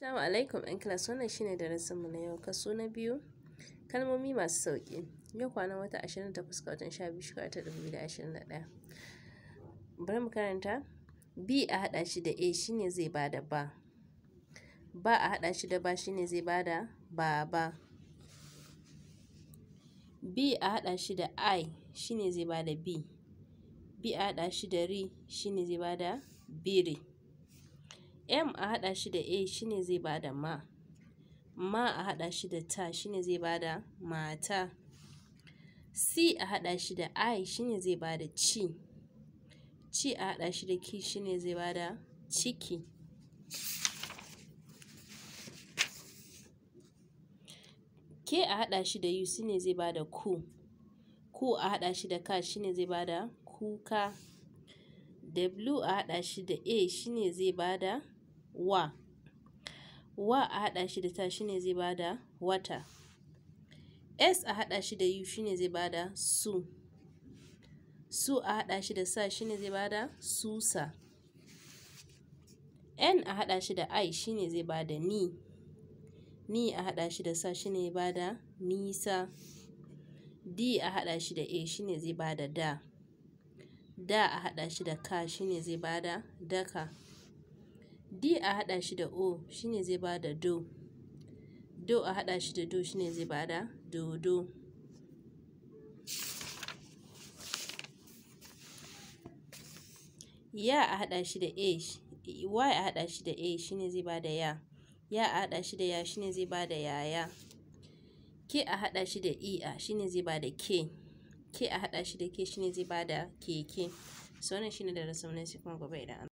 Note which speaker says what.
Speaker 1: Assalamu alaikum ɗan kilas wannan shine darasinmu na yau kaso na biyu kalmomi masu sauƙi yau kwanan wata 28 ga watan 12 shekara ta 2021 bari mu karanta b a haɗa shi da a shine zai ba da ba ba a haɗa shi da ba shine zai da ba ba b a haɗa shi da i shine zai ba da b b a haɗa shi da shi shine zai ba da biri M a haɗa shi da A shi ne zai ba da ma. Ma a haɗa shi da ta shi ne zai ba da mata. C a haɗa shi da I shi ne zai ba da ci. Ci a haɗa shi da ki shi ne zai ba da ciki. K a haɗa shi da U shi ne zai ba da ku. Ku a haɗa shi da ka shi ne zai ba da kuka. W a haɗa shi da A shi ne zai ba da wa wa a haɗa shi da ta shine zai bada wata s a haɗa shi da shi shine zai bada su su a haɗa shi da sa shine zai bada susa n a haɗa shi da i shine zai bada ni ni a haɗa shi da sa shine zai bada nisa d a haɗa shi da a shine zai bada da da a haɗa shi da ka shine zai bada daka D a haɗa shi da O shine zai ba da do. Do a haɗa shi da do shine zai ba da dodo. Ya a haɗa shi da A, Y a haɗa shi da A shine zai ba da ya. Ya a haɗa shi da ya shine zai ba da Ya-Ya. K a haɗa shi da E a shine zai ba da K. K a haɗa shi da K shine zai ba da keke. So wannan shine da rasa sai kuma gobe idan